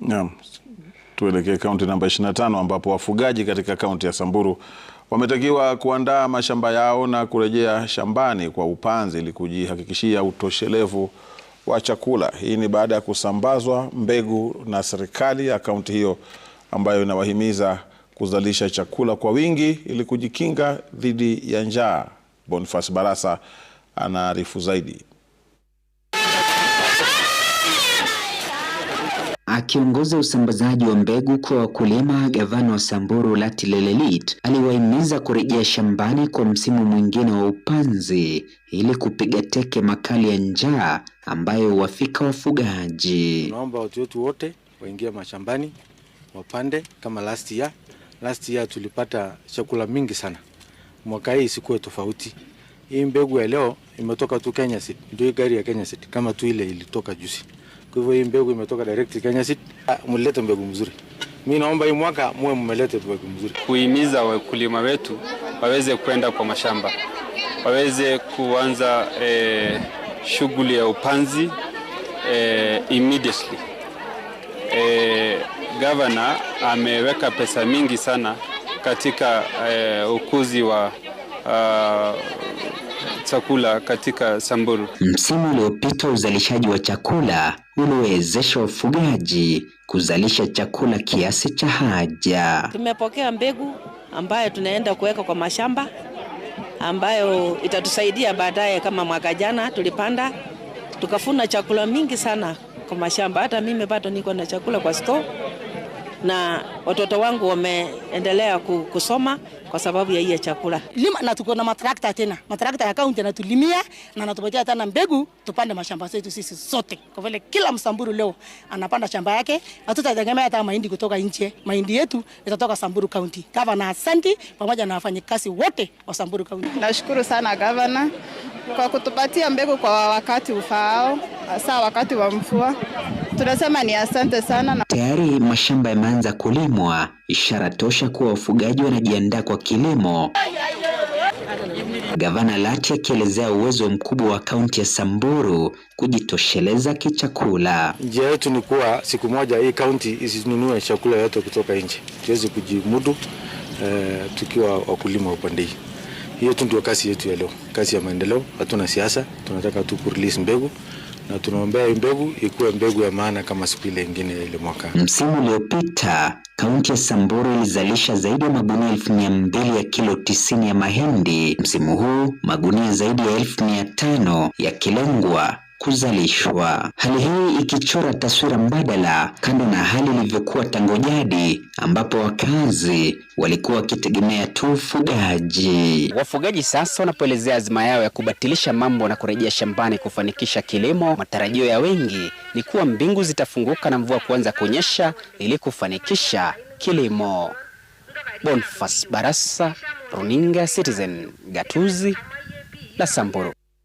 Naam, tuelekee kaunti namba 25 ambapo wafugaji katika kaunti ya Samburu wametakiwa kuandaa mashamba yao na kurejea shambani kwa upanzi ili kujihakikishia utoshelevu wa chakula. Hii ni baada ya kusambazwa mbegu na serikali ya kaunti hiyo ambayo inawahimiza kuzalisha chakula kwa wingi ili kujikinga dhidi ya njaa. Boniface Barasa anaarifu zaidi. Akiongoza usambazaji wa mbegu kwa wakulima, gavana wa Samburu Lati Lelelit aliwahimiza kurejea shambani kwa msimu mwingine wa upanzi ili kupiga teke makali ya njaa ambayo wafika wafugaji. Naomba watu wetu wote waingie mashambani wapande kama last year. Last year tulipata chakula mingi sana, mwaka hii isikuwe tofauti. Hii mbegu ya leo imetoka tu Kenya Seed, ndio gari ya Kenya Seed kama tu ile ilitoka juzi. Kwa hivyo hii mbegu imetoka direct Kenya Seed, ah, mlilete mbegu mzuri. Mimi naomba hii mwaka muwe mmelete mbegu mzuri, kuhimiza wakulima wetu waweze kwenda kwa mashamba, waweze kuanza eh, shughuli ya upanzi eh, immediately. Eh, gavana ameweka pesa mingi sana katika eh, ukuzi wa uh, chakula katika Samburu. Msimu uliopita uzalishaji wa chakula uliwezesha wafugaji kuzalisha chakula kiasi cha haja. Tumepokea mbegu ambayo tunaenda kuweka kwa mashamba ambayo itatusaidia baadaye. Kama mwaka jana tulipanda tukafuna chakula mingi sana kwa mashamba, hata mimi bado niko na chakula kwa store na watoto wangu wameendelea kusoma kwa sababu ya hiyo chakula lima, na tuko na matrakta tena, matrakta ya kaunti yanatulimia na anatupatia tena mbegu tupande mashamba yetu sisi sote, kwa vile kila Msamburu leo anapanda shamba yake. Hatutategemea hata mahindi kutoka nje, mahindi yetu itatoka Samburu County. Gavana, asante pamoja na wafanyikazi wote wa Samburu County. Nashukuru sana gavana kwa kutupatia mbegu kwa wakati ufaao, hasa wakati wa mvua. Tunasema ni asante sana na... Tayari mashamba yameanza kulimwa, ishara tosha kuwa wafugaji wanajiandaa kwa kilimo. Gavana Lati akielezea uwezo mkubwa wa kaunti ya Samburu kujitosheleza kichakula. Njia yetu ni kuwa siku moja hii kaunti isinunue chakula yote kutoka nje, tuweze kujimudu eh, tukiwa wakulima upande hii. Hiyo tu ndio kazi yetu ya leo, kazi ya maendeleo. Hatuna siasa, tunataka tu kurelease mbegu na tunaombea mbegu ikuwe mbegu ya maana kama siku ile ingine ya ile mwaka. Msimu uliopita kaunti ya Samburu ilizalisha zaidi ya magunia elfu mia mbili ya kilo tisini ya mahindi. Msimu huu magunia zaidi ya elfu mia tano yakilengwa kuzalishwa. Hali hii ikichora taswira mbadala, kando na hali ilivyokuwa tangu jadi, ambapo wakazi walikuwa wakitegemea tu ufugaji. Wafugaji sasa wanapoelezea azima yao ya kubatilisha mambo na kurejea shambani kufanikisha kilimo, matarajio ya wengi ni kuwa mbingu zitafunguka na mvua kuanza kunyesha ili kufanikisha kilimo. Bonfas Barasa, Runinga Citizen, gatuzi la Samburu.